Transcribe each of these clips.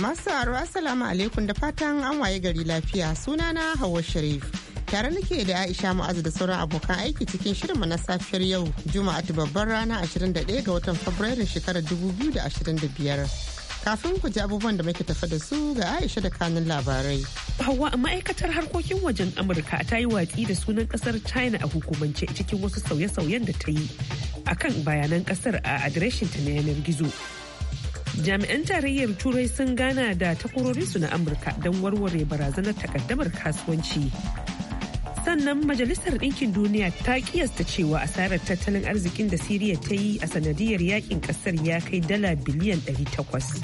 Masu aro Assalamu alaikum da fatan an waye gari lafiya sunana Hauwa Sharif. Tare nake da Aisha Mu'azu da sauran abokan aiki cikin shirinmu na safiyar yau Juma'a babbar rana 21 ga watan Fabrairun shekarar 2025. kafin ku ji abubuwan da muke tafa da su ga Aisha da kanun labarai. Hawa ma'aikatar harkokin wajen Amurka ta yi watsi da sunan kasar China a hukumance cikin wasu sauye-sauyen da ta yi akan bayanan kasar a adireshinta na yanar gizo. jami'an tarayyar turai sun gana da su na amurka don warware barazanar takaddamar kasuwanci sannan majalisar ɗinkin duniya ta kiyasta cewa asarar tattalin arzikin da siriya ta yi a sanadiyar yakin ƙasar ya kai dala biliyan 800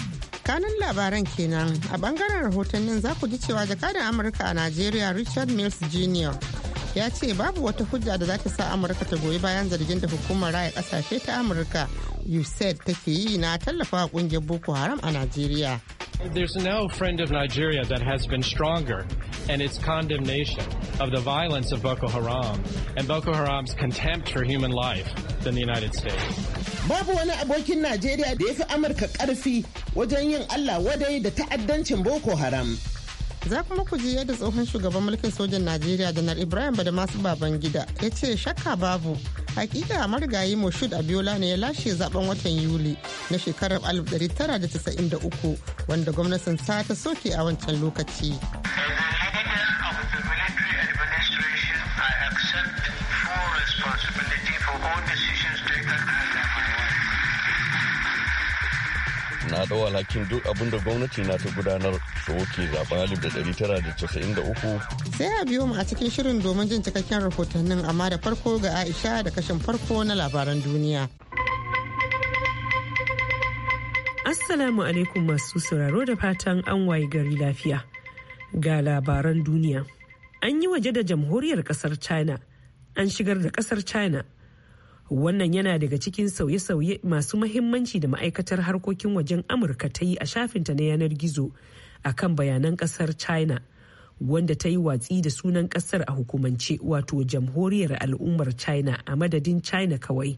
kanin labaran kenan a bangaren rahotannin za ku ji cewa jakadan amurka a najeriya richard mills jr ya ce babu wata hujja da za ta sa amurka ta goyi bayan zargin da hukumar raya kasashe ta amurka usaid take yi na kungiyar boko haram a There's no friend of Nigeria that has been stronger in its condemnation of the violence of Boko Haram and Boko Haram's contempt for human life than the United States. babu wani abokin najeriya da ya fi amurka wajen yin allah wadai da ta'addancin boko haram za kuma ku ji yadda tsohon shugaban mulkin sojan najeriya janar ibrahim bada masu baban gida ya ce shakka babu hakika marigayi moshud abiola ne ya lashe zaben watan yuli na shekarar 1993 wanda gwamnatin sa ta soke a wancan lokaci ɗau alhakin duk abin da gwamnati na ta gudanar da wuke zaben alif da ɗari tara da casa'in da uku. Sai a biyo mu a cikin shirin domin jin cikakken rahotannin amma da farko ga Aisha da kashin farko na labaran duniya. Assalamu alaikum masu sauraro da fatan an wayi gari lafiya. Ga labaran duniya. An yi waje da jamhuriyar kasar China. An shigar da kasar China wannan yana daga cikin sauye-sauye masu mahimmanci da ma'aikatar harkokin wajen amurka ta yi a shafinta na yanar gizo a kan bayanan kasar china wanda ta yi watsi da sunan kasar a hukumance wato jamhuriyar al'ummar china a madadin china kawai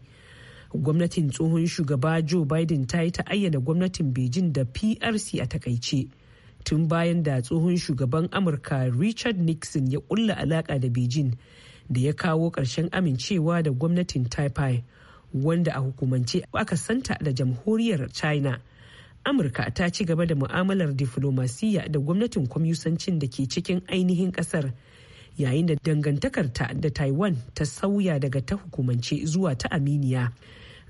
gwamnatin tsohon shugaba joe biden ta yi ta ayyana gwamnatin beijing da prc a takaice tun bayan da tsohon shugaban amurka richard nixon ya kulla alaka da beijing da ya kawo ƙarshen amincewa da gwamnatin taipei wanda a hukumance aka santa da jamhuriyar china amurka ta ci gaba da mu'amalar diflomasiyya da gwamnatin kwamyusancin da ke cikin ainihin kasar yayin da dangantakarta da taiwan ta sauya daga ta hukumance zuwa ta aminiya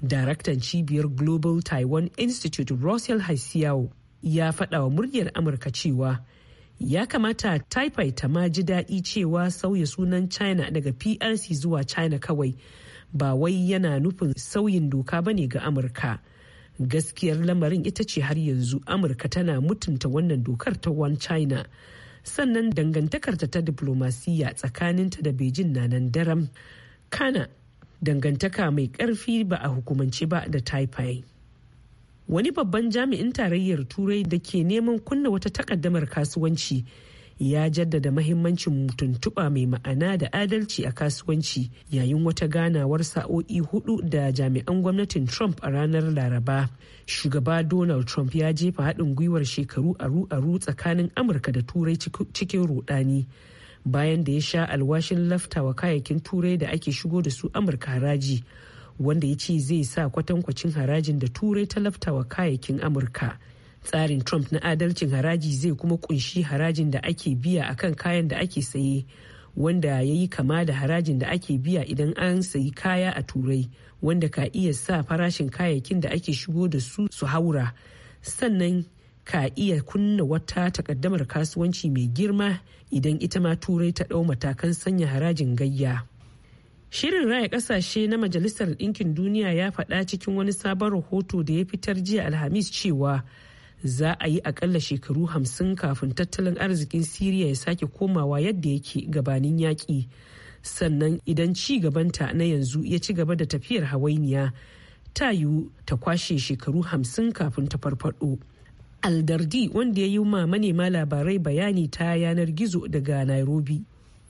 daraktan cibiyar global taiwan institute russell haisiyawo ya faɗa wa muryar amurka cewa ya kamata taifai ta ma ji daɗi cewa sauya sunan china daga prc zuwa china kawai ba wai yana nufin sauyin doka ba ne ga amurka gaskiyar lamarin ita ce har yanzu amurka tana mutunta wannan dokar ta one china sannan dangantakarta ta diplomasiya tsakaninta da beijing na nan daram kana dangantaka mai ƙarfi ba a hukumance ba da taifai wani babban jami'in tarayyar turai da ke neman kunna wata takaddamar kasuwanci ya jaddada mahimmancin tuntuɓa mai ma'ana da adalci a kasuwanci yayin wata ganawar sa'o'i hudu da jami'an gwamnatin trump a ranar laraba shugaba donald trump ya jefa haɗin gwiwar shekaru aru-aru tsakanin amurka da turai cikin rudani bayan da ya sha alwashin laftawa kayayyakin turai da ake shigo da su amurka haraji wanda ya ce zai sa kwatankwacin harajin da turai ta laftawa kayayyakin amurka tsarin trump na adalcin haraji zai kuma kunshi harajin da ake biya akan kayan da ake saye wanda ya yi kama da harajin da ake biya idan an sayi kaya a turai wanda ka iya sa farashin kayayyakin da ake shigo da su su haura sannan ka iya kunna wata takaddamar kasuwanci mai girma idan ita ma turai ta ɗau matakan sanya harajin gayya Shirin raya kasashe na Majalisar dinkin Duniya ya faɗa cikin wani sabon rahoto da ya fitar jiya Alhamis cewa za a yi akalla shekaru hamsin kafin tattalin arzikin Siriya ya sake komawa yadda yake gabanin yaƙi. Sannan idan ci gabanta na yanzu ya ci gaba da tafiyar hawainiya, ta yiwu ta kwashe shekaru hamsin kafin ta farfaɗo. Aldardi wanda ya yi ma manema labarai bayani ta yanar gizo daga Nairobi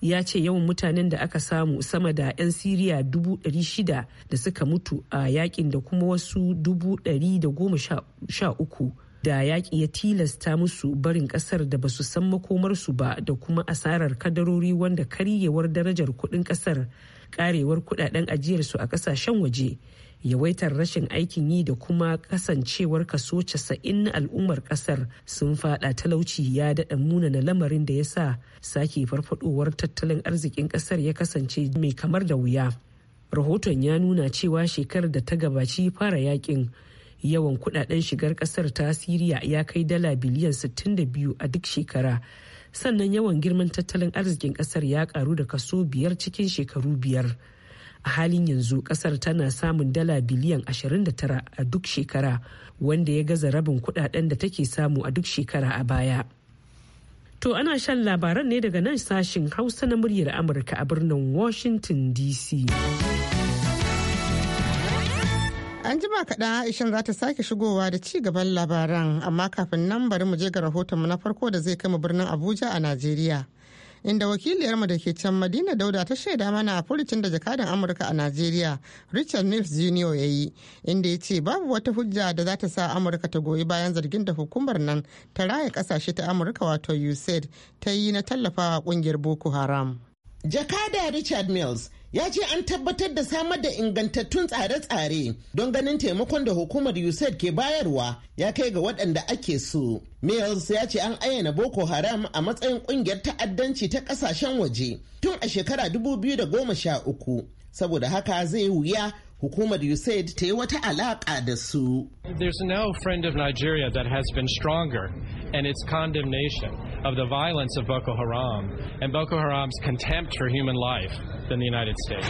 ya ce yawan mutanen da aka samu sama da 'yan siriya 600 da suka mutu a yakin da kuma wasu 113 da yaƙi ya tilasta musu barin ƙasar da basu san makomarsu ba da kuma asarar kadarori wanda karyewar darajar kuɗin ƙasar karewar kudaden ajiyarsu a kasashen waje yawaitar rashin aikin yi da kuma kasancewar kaso casa'in na al'ummar kasar sun fada talauci ya daɗa na lamarin da ya sa sake farfadowar tattalin arzikin kasar ya kasance mai kamar da wuya rahoton ya nuna cewa shekarar da ta gabaci fara yakin yawan kudaden shigar kasar ta siriya ya kai dala biliyan 62 a duk shekara sannan yawan girman tattalin arzikin kasar ya karu da kaso biyar cikin shekaru biyar a halin yanzu kasar tana samun dala biliyan 29 a duk shekara wanda ya gaza rabin kudaden da take samu a duk shekara a baya to ana shan labaran ne daga nan sashin hausa na muryar amurka a birnin washington dc An jima kaɗan Aishan za ta sake shigowa da ci gaban labaran amma kafin nan bari mu je ga rahotonmu na farko da zai kai mu birnin Abuja a Najeriya. Inda wakiliyarmu da ke can Madina Dauda ta shaida mana a furucin da jakadan Amurka a Najeriya Richard Mills Jr. ya yi inda ya ce babu wata hujja da za ta sa Amurka ta goyi bayan zargin da hukumar nan ta raya kasashe ta Amurka wato USAID ta yi na tallafawa kungiyar Boko Haram. Jakada Richard Mills ya ce an tabbatar da samar da ingantattun tsare-tsare don ganin taimakon da hukumar usaid ke bayarwa ya kai ga waɗanda ake so mills ya ce an ayyana boko haram a matsayin ƙungiyar ta'addanci ta ƙasashen waje tun a shekara 2013 saboda haka zai wuya hukumar USAID ta yi wata alaƙa da su. There's no friend of Nigeria that has been stronger and its condemnation of the violence of Boko Haram and Boko Haram's contempt for human life than the United States.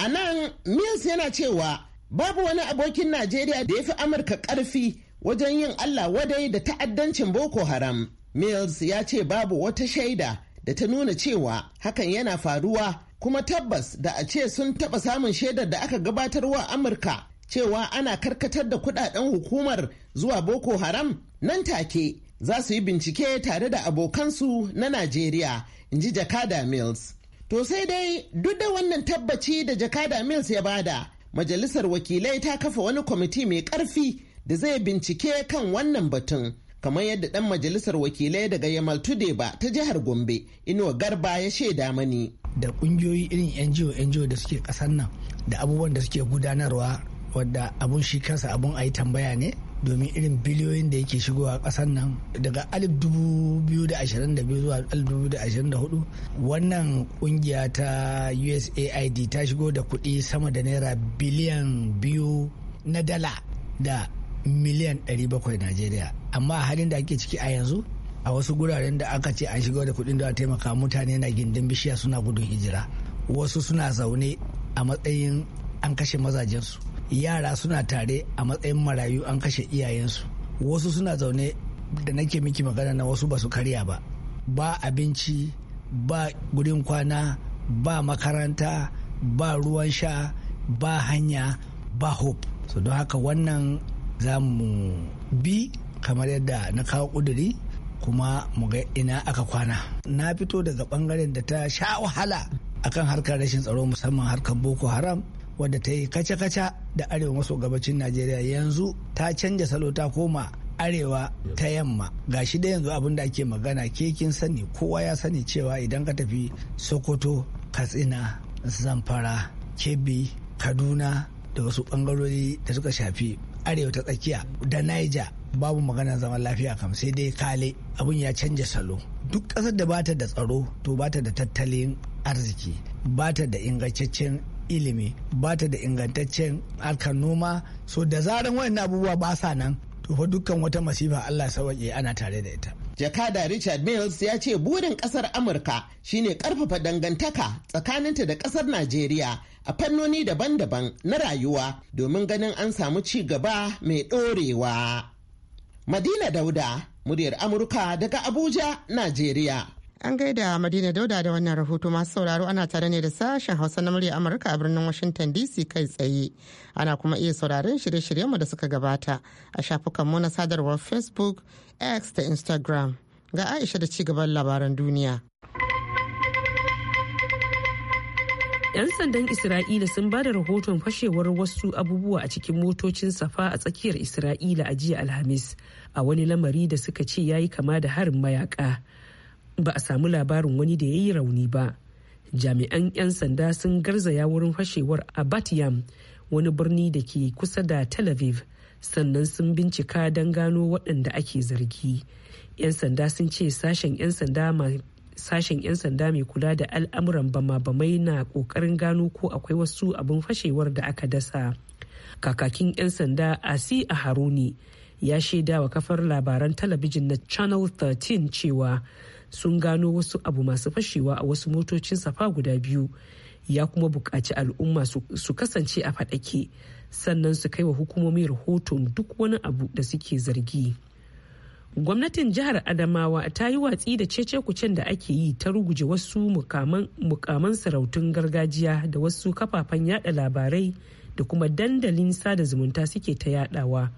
A nan Mills yana cewa babu wani abokin Najeriya da ya fi Amurka ƙarfi wajen yin Allah wadai da ta'addancin Boko Haram. Mills ya ce babu wata shaida da ta nuna cewa hakan yana faruwa kuma tabbas da a ce sun taɓa samun shaidar da aka gabatar wa amurka cewa ana karkatar da kudaden hukumar zuwa boko haram nan take za su yi bincike tare da abokansu na najeriya in ji jakada mills to sai dai duk da wannan tabbaci da jakada mills ya bada majalisar wakilai ta kafa wani kwamiti mai karfi da zai bincike kan wannan batun kamar yadda dan majalisar wakilai daga yamal tudeba ta jihar gombe inuwa garba ya shaida mani da kungiyoyi irin NGO NGO da suke kasan nan da abubuwan da suke gudanarwa wadda abun shi kansa abun a yi tambaya ne domin irin biliyoyin da yake shigowa kasan nan daga 2022 zuwa 2024 wannan kungiya ta usaid ta shigo da kuɗi sama da naira biliyan biyu na dala da miliyan 700 najeriya amma halin da ake ciki a yanzu a wasu guraren da aka ce an shiga da kuɗin da a taimaka mutane na gindin bishiya suna gudun hijira wasu suna zaune a matsayin an kashe mazajensu yara suna tare a matsayin marayu an kashe iyayensu wasu suna zaune da nake miki magana na wasu ba su karya ba ba abinci ba gudun kwana ba makaranta ba ruwan sha ba hanya ba hope so don haka wannan za mu bi kamar yadda na kawo kuduri kuma mu ga ina aka kwana na fito daga bangaren da ta sha wahala akan harkar rashin tsaro musamman harkar boko haram wadda ta yi kaca-kaca da arewa maso gabacin najeriya yanzu ta canja salo ta koma arewa ta yamma ga shi da yanzu abun da ake magana ke kin sani kowa ya sani cewa idan ka tafi sokoto katsina zamfara kebbi kaduna da wasu bangarori da suka shafi arewa ta tsakiya da niger babu magana zaman lafiya kam sai dai kale abun ya canja salo duk ƙasar da bata da tsaro to bata da tattalin arziki bata da ingantaccen ilimi bata da ingantaccen harkar noma so da zaran wayannan abubuwa ba sa nan to fa dukkan wata masifa Allah sauke ana tare da ita jakada richard mills ya ce burin kasar amurka shine karfafa dangantaka tsakaninta da kasar najeriya a fannoni daban-daban na rayuwa domin ganin an samu ci gaba mai dorewa Madina Dauda, muryar Amurka daga Abuja, Najeriya. An gaida Madina Dauda da wannan rahoto masu sauraro ana tare ne da sashen Hausa na murya Amurka a birnin Washington DC kai tsaye. Ana kuma iya sauraron shirye-shiryenmu da suka gabata a shafukanmu na sadarwar Facebook, X da Instagram. Ga Aisha da ci gaban labaran duniya. 'yan sandan isra'ila sun ba da rahoton fashewar wasu abubuwa a cikin motocin safa a tsakiyar isra'ila a jiya alhamis a wani lamari da suka ce ya yi kama da harin mayaka ba a samu labarin wani da ya yi rauni ba jami'an 'yan sanda sun garzaya wurin fashewar a batyam wani birni da ke kusa da tel aviv sannan sun bincika don gano waɗanda ake zargi 'yan sanda sun ce sashen 'yan sanda sashen 'yan sanda mai kula da al'amuran bama-bamai na kokarin gano ko akwai wasu abin fashewar da aka dasa kakakin 'yan sanda asi a haruni ya shaida wa kafar labaran talabijin na channel 13 cewa sun gano wasu abu masu fashewa a wasu motocin safa guda biyu ya kuma buƙaci al'umma su kasance a faɗake sannan su kai wa hukumomi rahoton duk wani abu da suke zargi. gwamnatin jihar adamawa ta yi watsi da cece-kucen da ake yi ta ruguje wasu mukaman sarautun gargajiya da wasu kafafen yada labarai da kuma dandalin sada zumunta suke ta yadawa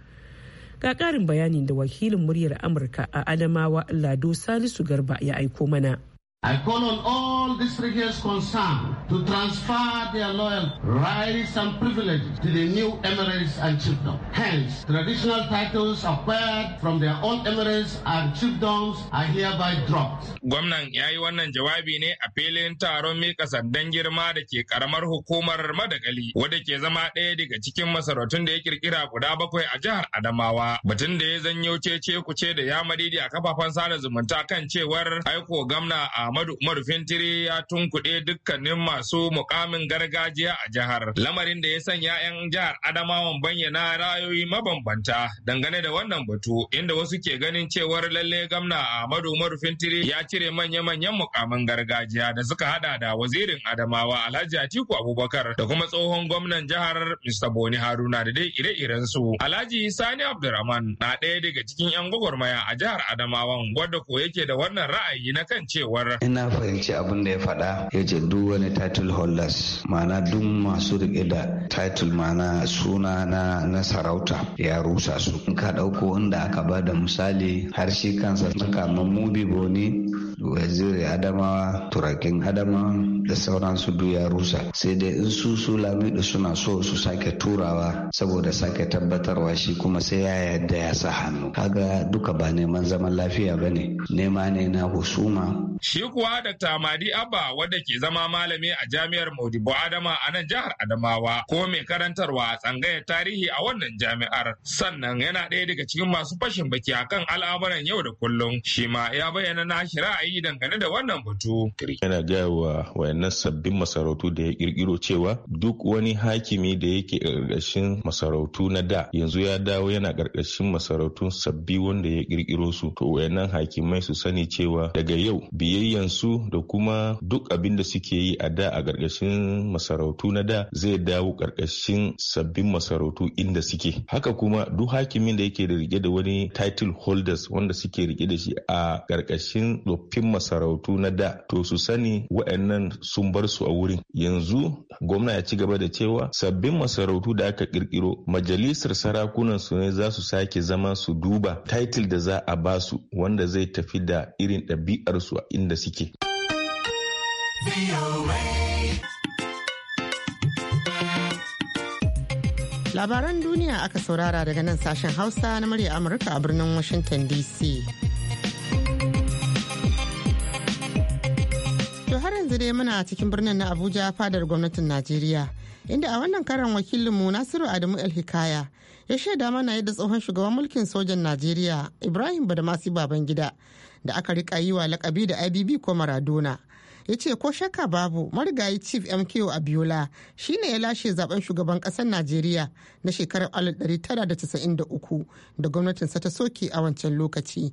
ga karin bayani da wakilin muryar amurka a adamawa lado salisu garba ya aiko mana I call on all districts concerned to transfer their loyal rights and privileges to the new emirates and chiefdoms. Hence, traditional titles acquired from their own emirates and chiefdoms are hereby dropped. Gwamnan ya yi wannan jawabi ne a filin taron mika sandan girma da ke karamar hukumar Madagali, wadda ke zama ɗaya daga cikin masarautun da ya kirkira guda bakwai a jihar Adamawa. Batun da ya zanyo cece kuce da ya madidi a kafafen sada zumunta kan cewar aiko gamna a Ahmadu Umar Fintiri ya tunkuɗe dukkanin masu mukamin gargajiya a jihar. Lamarin da ya sanya 'yan jihar Adamawan bayyana ra'ayoyi mabambanta dangane da wannan batu inda wasu ke ganin cewar lalle gamna Ahmadu Umar Fintiri ya cire manya-manyan mukamin gargajiya da suka hada da wazirin Adamawa Alhaji Atiku Abubakar da kuma tsohon gwamnan jihar Mr. Boni Haruna da dai ire-iren su. Alhaji Sani Abdulrahman na ɗaya daga cikin 'yan gwagwarmaya a jihar Adamawan wanda ko yake da wannan ra'ayi na kan cewar ina fahimci abin da ya faɗa ya ce duk wani title holders ma'ana duk masu riƙe da title ma'ana suna na na sarauta ya rusa su in ka ɗauko inda aka ba da misali har shi kansa na kamar mubi boni waziri adamawa turakin adamawa da sauransu su duya rusa sai dai in su su lamido suna so su sake turawa saboda sake tabbatarwa shi kuma sai ya yadda ya sa hannu kaga duka ba neman zaman lafiya ba ne nema ne na husuma shi kuwa da tamadi abba wadda ke zama malami a jami'ar modibo adama a nan jihar adamawa ko mai karantarwa a tsangayar tarihi a wannan jami'ar sannan yana ɗaya daga cikin masu fashin baki akan al'amuran yau da kullum shi ma ya bayyana nashi ra'ayi dangane da wannan batu yana gaya wa na sabbin masarautu da ya kirkiro cewa duk wani hakimi da yake ƙarƙashin masarautu na da yanzu ya dawo yana ƙarƙashin masarautun sabbi wanda ya kirkiro su to wayannan hakimai su sani cewa daga yau biyayyan su da kuma duk abin da suke yi a da a ƙarƙashin masarautu na da zai dawo ƙarƙashin sabbin masarautu inda suke haka kuma duk hakimin da yake da rike da wani title holders wanda suke rike da shi a ƙarƙashin tsoffin masarautu na da to su sani waɗannan sun bar su a wurin yanzu gwamna ya ci gaba da cewa sabbin masarautu da aka kirkiro majalisar sarakunan su ne za su sake zama su duba title da za a ba su wanda zai tafi da irin ɗabi'ar su a inda suke labaran duniya aka saurara daga nan sashen hausa na murya amurka a birnin washington dc yanzu dai muna cikin birnin na Abuja fadar gwamnatin Najeriya. Inda a wannan karan wakilinmu Nasiru Adamu El Hikaya ya shaida mana yadda tsohon shugaban mulkin sojan Najeriya Ibrahim Badamasi Babangida da aka rika yi wa lakabi da IBB ko Maradona. ya ce ko shakka babu marigayi chief MK abiola shine ya lashe zaben shugaban kasar najeriya na shekarar 1993 da gwamnatin sa ta soke a wancan lokaci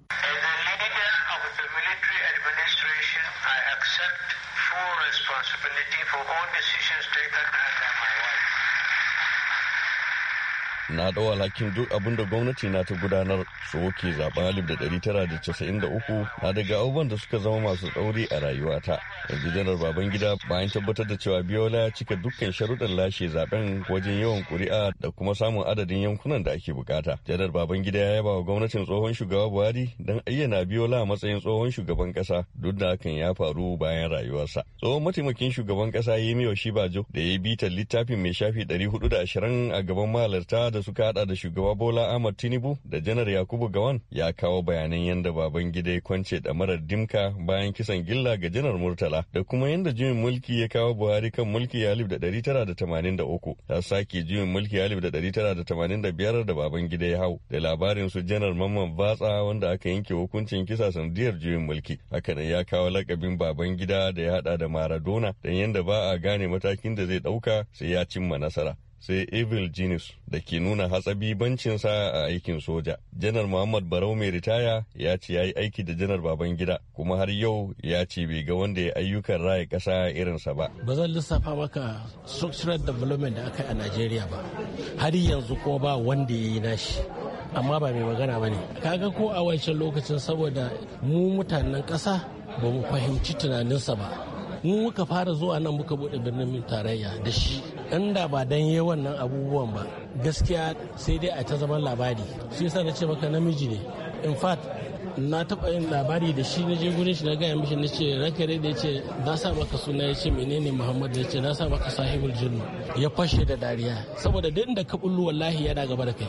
na da walakin duk abin da gwamnati na ta gudanar wuke zaben alif da ɗari tara da casa'in da uku na daga abubuwan da suka zama masu tsauri a rayuwata yanzu janar baban gida bayan tabbatar da cewa biyola ya cika dukkan sharuɗan lashe zaben wajen yawan ƙuri'a da kuma samun adadin yankunan da ake bukata janar baban gida ya yaba wa gwamnatin tsohon shugaba buhari don ayyana biyola a matsayin tsohon shugaban ƙasa duk da hakan ya faru bayan rayuwarsa tsohon mataimakin shugaban ƙasa yemi oshibajo da ya bitar littafin mai shafi 420 a gaban mahalarta da suka hada da shugaba Bola Ahmad Tinubu da Janar Yakubu Gawan ya kawo bayanan yadda baban gida ya kwance da damarar dimka bayan kisan gilla ga Janar Murtala da kuma yadda juyin mulki ya kawo Buhari kan mulki Yalif da 983 ta sake juyin mulki Yalif da 985 da baban gida ya hau da labarin su Janar Mamman Batsa wanda aka yanke hukuncin kisa sanadiyar juyin mulki haka hakanan ya kawo lakabin baban gida da ya hada da Maradona don yadda ba a gane matakin da zai dauka sai ya cimma nasara sai Evil Genius da ke nuna hatsabi bancinsa a aikin soja. Janar Muhammad Barau mai ritaya ya ce ya yi aiki da Janar baban gida kuma har yau ya ce bai ga wanda ya ayyukan raya kasa irinsa ba. Ba zan lissafa maka structural development da aka yi a nigeria ba. Har yanzu ko ba wanda ya yi nashi. Amma ba mai magana ba ne. Kaga ko a wancan lokacin saboda mu mutanen kasa ba mu fahimci tunaninsa ba. Mu muka fara zuwa nan muka buɗe birnin tarayya da shi. dan da ba dan yi wannan abubuwan ba gaskiya sai dai a ta zaman labari shi yasa na ce maka namiji ne in fact na taɓa yin labari da shi na je gurin shi na gaya mishi na ce ranka da ce na sa maka suna ya ce menene muhammad da ce na sa maka sahibul jinnu ya fashe da dariya saboda duk da ka bullu wallahi yana gaba da kai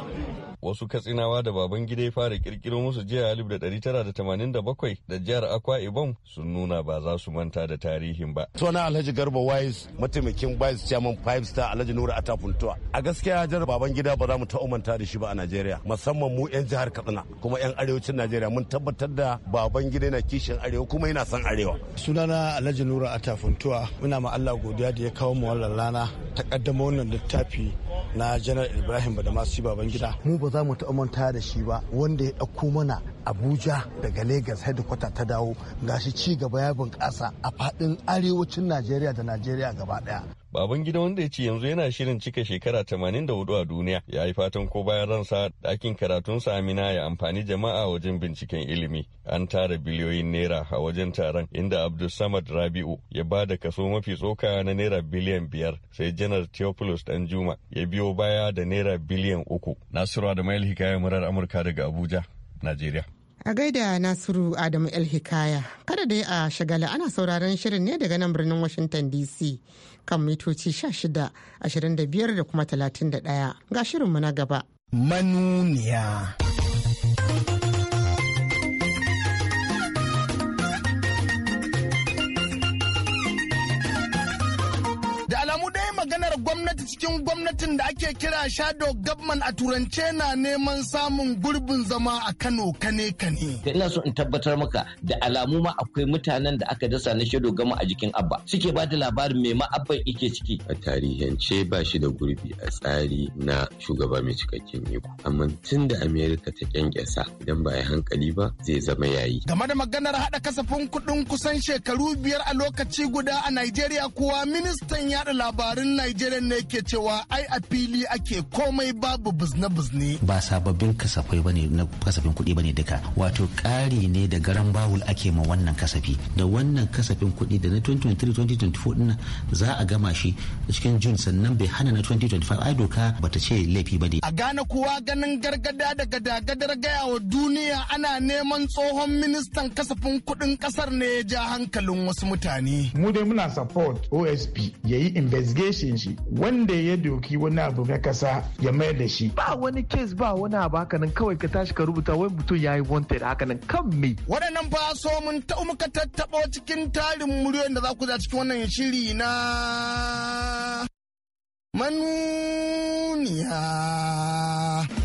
wasu katsinawa da baban gida ya fara kirkiro musu jiya 1987 da jihar akwa ibom sun nuna ba za su manta da tarihin ba suna alhaji garba wise mataimakin vice chairman five star alhaji nura atafuntuwa a gaskiya jihar baban gida ba za mu ta manta da shi ba a najeriya musamman mu yan jihar katsina kuma yan arewacin najeriya mun tabbatar da baban gida yana kishin arewa kuma yana son arewa sunana alhaji nura atafuntuwa muna ma allah godiya da ya kawo mu wannan rana ta kaddamo wannan littafi na janar ibrahim baban gida. mu ba za mu taɓa manta da shi ba wanda ya ɗauko mana abuja daga lagos headquarter ta dawo gashi ci gaba ya bunƙasa a faɗin arewacin najeriya da najeriya gaba ɗaya baban gida wanda ya ce yanzu yana shirin cika shekara 84 a duniya ya yi fatan ko bayan ransa ɗakin karatunsa amina ya amfani jama'a wajen binciken ilimi an tara biliyoyin naira a wajen taron inda abdul samad rabi'u ya ba da kaso mafi tsoka na naira biliyan biyar sai janar theophilus dan juma ya biyo baya da naira biliyan uku nasiru da mail hikaya murar amurka daga abuja najeriya A gaida Nasiru Adamu El Hikaya, kada dai a shagala ana sauraron shirin ne daga nan birnin Washington DC kan mitoci 16, 25 da kuma 31 ga mu na gaba. Manuniya. Tawagar gwamnati cikin gwamnatin da ake kira shadow government a turance na neman samun gurbin zama a Kano kane kane. Ina so in tabbatar maka da alamu ma akwai mutanen da aka dasa na shadow gama a jikin Abba. Suke ba da labarin me ma Abba yake ciki. A tarihance ba shi da gurbi a tsari na shugaba mai cikakken iko. Amma tun da Amerika ta kyankyasa idan ba a hankali ba zai zama yayi. Game da maganar haɗa kasafin kuɗin kusan shekaru biyar a lokaci guda a Najeriya kuwa ministan yaɗa labarin Najeriya najeriya ne ke cewa ai a fili ake komai babu buzne-buzne ba sababbin kasafai bane na kasafin kuɗi bane duka wato ƙari ne da garan bawul ake ma wannan kasafi da wannan kasafin kuɗi da na 2023-2024 din za a gama shi cikin jun sannan bai hana na 2025 ai doka bata ce laifi ba ne a gane kuwa ganin gargada da gadagadar gaya wa duniya ana neman tsohon ministan kasafin kuɗin ƙasar ne ya ja hankalin wasu mutane mu dai muna support osp yayi investigation shi shi wanda ya doki wani abu na kasa ya mayar da shi ba wani kes ba wani abu haka nan kawai ka tashi ka rubuta wani mutum ya yi wanted haka nan kan me waɗannan ba so mun ta muka tattaɓo cikin tarin muryoyin da za ku za cikin wannan shiri na manuniya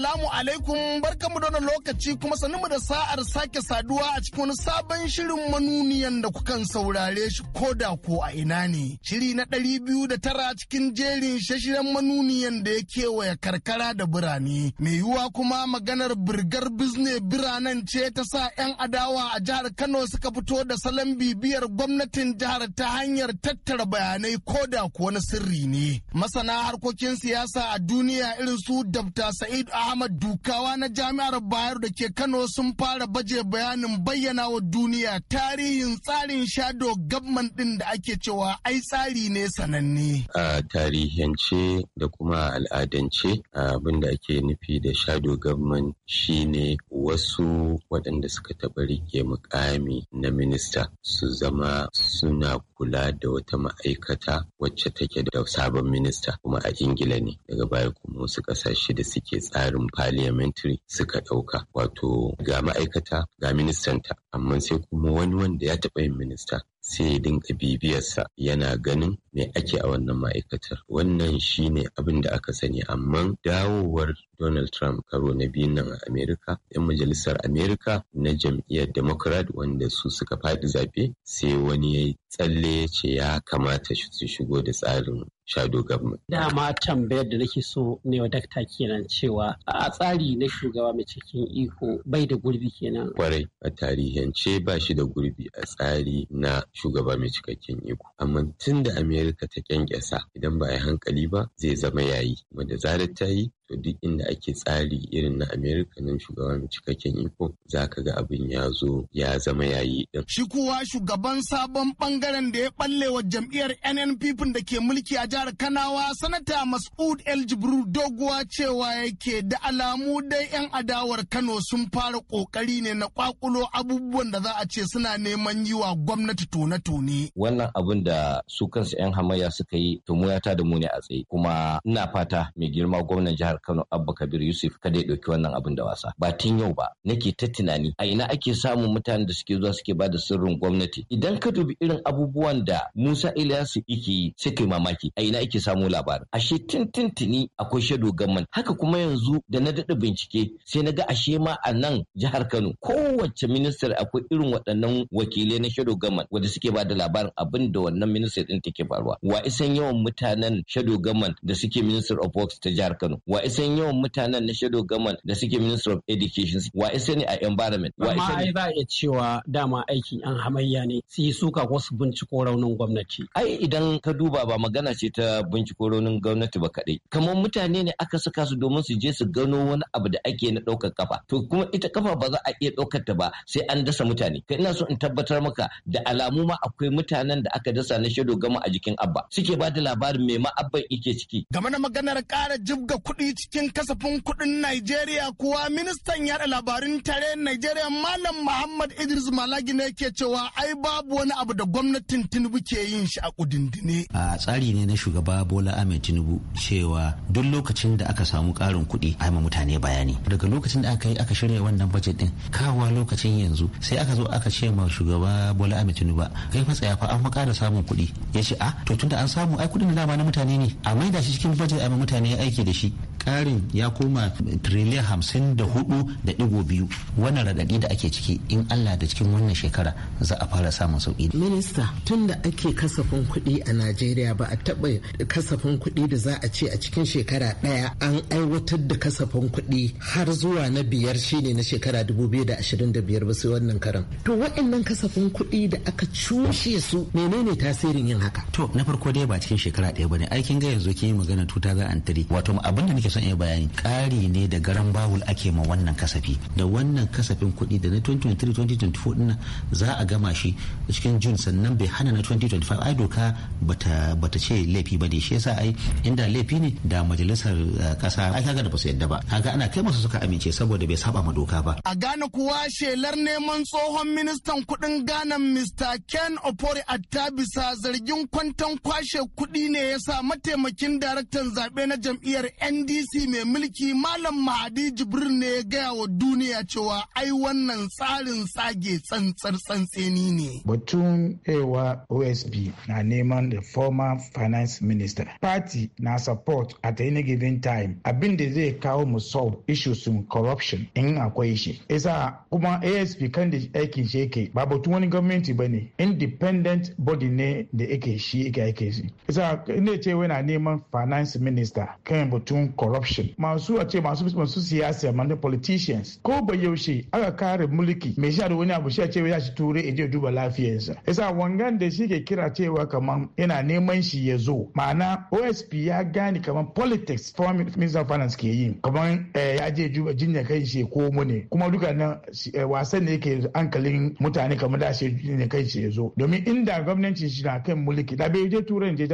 Assalamu alaikum barkamu da wannan lokaci kuma sanin mu da sa'ar sake saduwa a cikin wani sabon shirin manuniyan da kukan saurare shi ko da ko a ina ne. Shiri na ɗari biyu da tara cikin jerin shashiren manuniyan da ya kewaye karkara da birane. Mai yiwuwa kuma maganar birgar bizne biranen ce ta sa 'yan adawa a jihar Kano suka fito da salon bibiyar gwamnatin jihar ta hanyar tattara bayanai ko da ko wani sirri ne. Masana harkokin siyasa a duniya irin su Dabta Sa'id Ahmad Dukawa na Jami'ar Bayero da ke Kano sun fara baje bayanin bayyana wa duniya tarihin tsarin shado gabman ɗin da ake cewa ai tsari ne sananne. A tarihance da kuma al'adance abin da ake nufi da shado gabman shine wasu waɗanda suka taɓa rike mukami na minista su zama suna kula da wata ma'aikata wacce take da sabon minista kuma a Ingila ne daga baya kuma wasu ƙasashe da suke tsarin tsarin parliamentary suka ɗauka wato ga ma'aikata ga ministanta amma sai kuma wani wanda ya taɓa yin minista sai ya dinka bibiyarsa yana ganin me ake a wannan ma'aikatar wannan shine abin da aka sani amma dawowar donald trump karo na biyun nan a amerika yan majalisar amerika na jam'iyyar democrat wanda su suka faɗi zaɓe sai wani ya tsalle ya ce ya kamata su shigo da tsarin shadow government. Dama tambayar da nake so ne wa dakta kenan cewa a tsari na shugaba mai cikin iko bai da gurbi kenan. Kwarai a tarihance ba shi da gurbi a tsari na shugaba mai cikakken iko. Amma tun da Amerika ta kyankyasa idan ba a yi hankali ba zai zama yayi. Wanda zarar ta yi to duk inda ake tsari irin na america nan shugaba mai cikakken iko za ka ga abin ya zo ya zama yayi din shi kuwa shugaban sabon bangaren da ya balle wa jam'iyyar nnpp da ke mulki a jihar kanawa sanata mas'ud el jibru doguwa cewa yake da alamu dai yan adawar kano sun fara kokari ne na kwakulo abubuwan da za a ce suna neman yi wa gwamnati tone-tone wannan abin da su kansu yan hamayya suka yi to mu ta da mu ne a tsaye kuma ina fata mai girma gwamnan jihar Kano Abba Kabir Yusuf kada ya ɗauki wannan abin da wasa. Ba tun yau ba nake ta tunani a ina ake samun mutanen da suke zuwa suke bada sirrin gwamnati. Idan ka dubi irin abubuwan da Musa Ilyasu yake yi sai kai mamaki a ina ake samu labarin. Ashe tintintini akwai shaidu gamman haka kuma yanzu da na daɗa bincike sai na ga ashe ma a nan jihar Kano kowace ministar akwai irin waɗannan wakilai na shaidu gamman wanda suke bada labarin abin da wannan ministar ɗin take faruwa. Wa isan yawan mutanen shaidu gamman da suke minister of works ta jihar Kano. Wa isan yawan mutanen na shadow government da suke minister of education wa isa ne a environment wa isa ne ba ya cewa dama aikin an hamayya ne su yi suka ko su binciko raunin gwamnati ai idan ka duba ba magana ce ta binciko raunin gwamnati ba kadai kamar mutane ne aka saka su domin su je su gano wani abu da ake na daukar kafa to kuma ita kafa ba za a iya ɗaukar ta ba sai an dasa mutane ka ina so in tabbatar maka da alamu ma akwai mutanen da aka dasa na shadow gama a jikin abba suke ba da labarin me ma abban yake ciki game da maganar kara jibga kuɗi cikin kasafin kuɗin Najeriya kuwa ministan yada labarin tare Najeriya Malam Muhammad Idris Malagi ne ke cewa ai babu wani abu da gwamnatin Tinubu ke yin shi a kudindine. A tsari ne na shugaba Bola Ahmed Tinubu cewa duk lokacin da aka samu ƙarin kuɗi a yi mutane bayani. Daga lokacin da aka yi aka shirya wannan bajet din kawa lokacin yanzu sai aka zo aka ce ma shugaba Bola Ahmed Tinubu kai fa tsaya fa an fa samun kuɗi. Ya ce a ah, to tunda an samu ai kuɗin da dama na mutane ne a maida shi cikin bajet a mutane aiki da shi karin ya koma triliyan hamsin da hudu da digo biyu wannan radadi da ake ciki in allah da cikin wannan shekara za a fara samun sauki minista tun da ake kasafin kuɗi a najeriya ba a taɓa kasafin kuɗi da za a ce a cikin shekara ɗaya an aiwatar da kasafin kuɗi har zuwa na biyar shine na shekara dubu biyu da da ashirin biyar ba sai wannan karan to waɗannan kasafin kuɗi da aka cushe su menene tasirin yin haka to na farko dai ba cikin shekara ɗaya ne aikin ga yanzu kin yi magana 2003 wato abin da nake son yi bayani ƙari ne da garan bawul ake ma wannan kasafi da wannan kasafin kuɗi da na 2023-2024 ɗin za a gama shi cikin jun sannan bai hana na 2025 ai doka bata ce laifi ba ne shi yasa ai inda laifi ne da majalisar eh, ƙasa ai kaga da ba su yadda ba kaga ana kai masu suka amince saboda bai saba ma doka ba a Ghana kuwa shelar neman tsohon ministan kuɗin Ghana Mr. Ken Opori Atta bisa zargin kwantan kwashe kuɗi ne yasa mataimakin daraktan zaɓe na jam'iyyar nd. APC mai mulki Malam Mahadi Jibrin ne ya gaya wa duniya cewa ai wannan tsarin sage tsantsar tsantseni ne. Batun ewa OSB na neman da former finance minister. Party na support at any given time abin da zai kawo mu solve issues in corruption in akwai shi. Isa kuma ASP kan da aikin shi yake ba batun wani gwamnati ba ne independent body ne da yake shi yake aiki shi. Isa ne ce wani neman finance minister kan batun corruption corruption masu a ce masu masu siyasa manda politicians ko ba yaushe aka kare mulki mai sha da wani abu shi a ce ya shi ture ya je duba lafiyarsa yasa wangan da shi ke kira cewa kaman yana neman shi ya zo ma'ana osp ya gane kaman politics foreign minister finance ke yi kaman eh, ya je duba jinya kai shi mu ne kuma duka na eh, wasan ne yake hankalin mutane kamar da shi jinya kai shi ya zo domin inda gwamnati shi na kan mulki da bai je turai je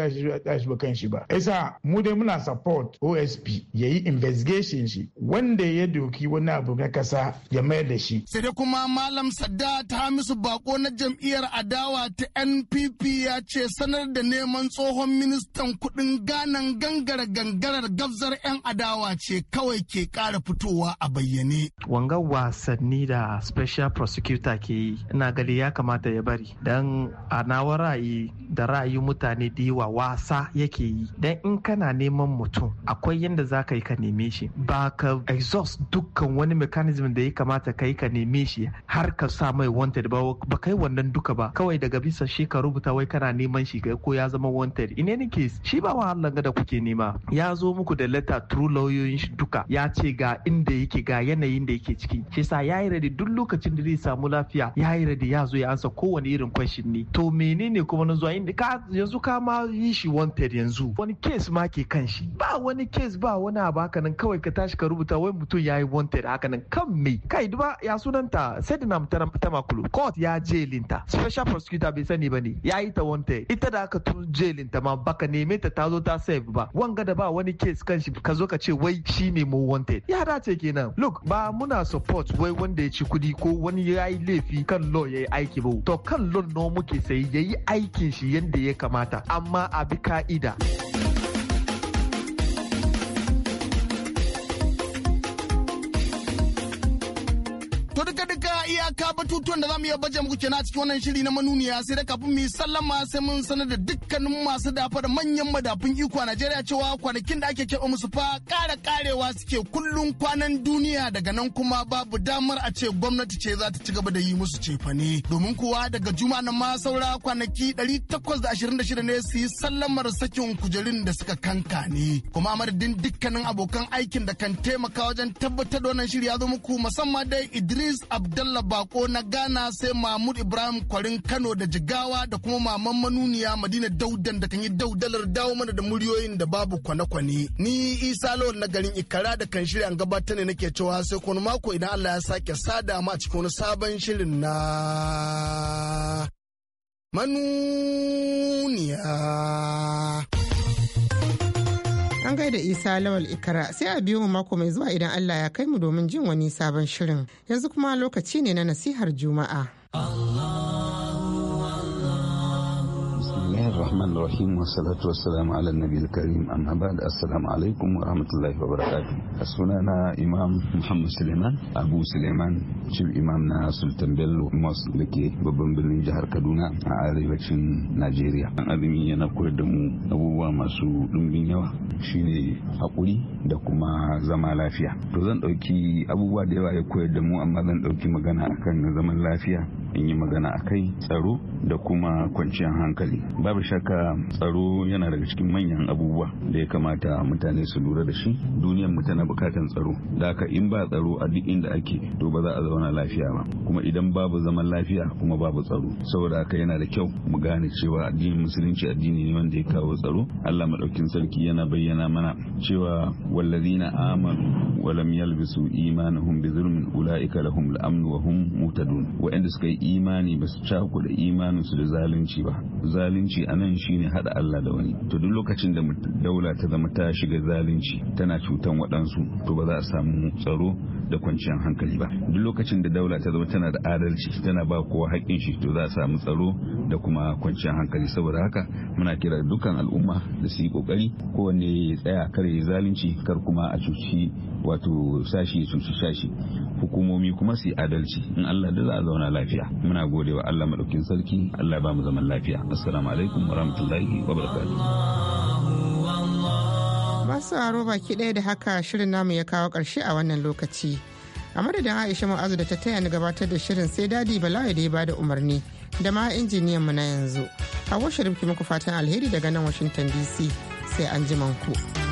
shi ba kan shi ba yasa mu dai muna support osp ya yi investigation shi wanda ya doki wani abu na kasa ya mayar da shi. Sai da kuma Malam Sadda ta Hamisu Bako na jam'iyyar adawa ta NPP ya ce sanar da neman tsohon ministan kuɗin ganan gangara gangarar gabzar 'yan adawa ce kawai ke ƙara fitowa a bayyane. Wanga wasanni da special prosecutor ke yi ina gani ya kamata ya bari don a nawa ra'ayi da ra'ayi mutane da yi wa wasa yake yi don in kana neman mutum akwai yadda za za ka yi ka neme shi ba ka exhaust dukkan wani mechanism da ya kamata ka yi ka neme shi har ka sa mai wanted ba ba kai wannan duka ba kawai daga bisa shi ka rubuta wai kana neman shi ga ko ya zama wanted in any case shi ba wahalar ga da kuke nema ya zo muku da letter through lauyoyin shi duka ya ce ga inda yake ga yanayin da yake ciki shi sa ya yi ready duk lokacin da zai samu lafiya ya yi ready ya zo ya ansa kowane irin question ne to menene kuma na zuwa inda ka yanzu ka ma yi shi wanted yanzu wani case ma ke kan shi ba wani case ba wani abu haka nan kawai ka tashi ka rubuta wai mutum ya yi wanted haka nan kan me kai duba ya sunanta ta makulu court ya jelinta special prosecutor bai sani ba ne ya yi ta wanted ita da aka tun jelinta ma baka neme ta ta zo ta save ba wanga da ba wani case kan shi ka zo ka ce wai shi ne mu wanted ya dace kenan look ba muna support wai wanda ya ci kudi ko wani ya yi laifi kan law ya yi aiki ba to kan law no muke sai ya yi aikin shi yadda ya kamata amma a bi ka'ida. duka-duka iyaka batutuwan da za mu iya baje muku kenan a cikin wannan shiri na manuniya sai da kafin mu yi sallama sai mun sanar da dukkanin masu dafa da manyan madafin iko a Najeriya cewa kwanakin da ake keɓe musu fa ƙara ƙarewa suke kullum kwanan duniya daga nan kuma babu damar a ce gwamnati ce za ta ci gaba da yi musu ne domin kuwa daga juma na ma saura kwanaki 826 ne su yi sallamar sakin kujerun da suka kanka ne kuma madadin dukkanin abokan aikin da kan taimaka wajen tabbatar da wannan shiri ya zo muku musamman dai Idris Abdallah Abdallah Bako na Ghana sai Mahmud Ibrahim Kwarin Kano da Jigawa da kuma Maman Manuniya Madina Daudan da kan yi daudalar dawo mana da muryoyin da babu kwane-kwane. Ni Isa Lawal na garin Ikara da kan shirya gabatar ne nake cewa sai kuma mako idan Allah ya sake sada ma a cikin wani sabon shirin na manuniya. An gaida Isa Lawal Ikara sai a biyo mu mako mai zuwa idan Allah ya kai mu domin jin wani sabon shirin. Yanzu kuma lokaci ne na nasihar Juma'a. Allah. الرحمن الرحيم والصلاة والسلام على النبي الكريم أما بعد السلام عليكم ورحمة الله وبركاته سنانا إمام محمد سليمان أبو سليمان شيف babban birnin jihar Kaduna a arewacin Najeriya. An azumi yana koyar da mu abubuwa masu ɗumbin yawa shine haƙuri da kuma zama lafiya. To zan ɗauki abubuwa da yawa ya koyar da mu amma zan ɗauki magana akan zaman lafiya in yi magana a kai tsaro da kuma kwanciyar hankali babu shakka tsaro yana daga cikin manyan abubuwa da ya kamata mutane su lura da shi duniyar mu tana bukatar tsaro da haka in ba tsaro a duk inda ake to ba za a zauna lafiya ba kuma idan babu zaman lafiya kuma babu tsaro saboda haka yana da kyau mu gane cewa addinin musulunci addini ne wanda ya kawo tsaro Allah madaukin sarki yana bayyana mana cewa wallazina amanu wa lam yalbisu imanuhum bi zulmin ulaika lahum al-amn wa hum muhtadun suka yi imani ba su imanin imaninsu da zalunci ba zalunci a nan shi ne hada Allah da wani to duk lokacin da daula ta zama ta shiga zalunci tana cutan waɗansu to ba za a samu tsaro da kwanciyar hankali ba duk lokacin da daula ta zama tana da adalci tana ba kowa haƙƙin shi to za a samu tsaro da kuma kwanciyar hankali saboda haka muna kira dukkan al'umma da su yi kokari kowanne ya tsaya kar ya zalunci kar kuma a cuci wato sashi ya cuci sashi hukumomi kuma su yi adalci in Allah da za a zauna lafiya muna gode wa Allah madaukin sarki Allah ba mu zaman lafiya assalamu alaikum wa rahmatullahi wa masu aro baki ɗaya da haka shirin namu ya kawo ƙarshe a wannan lokaci a madadin aisha mu'azu da ta taya ni gabatar da shirin sai dadi bala'i da ya bada umarni da ma injiniyan mu na yanzu hawa sharif ki muku fatan alheri daga nan washington dc sai an ku.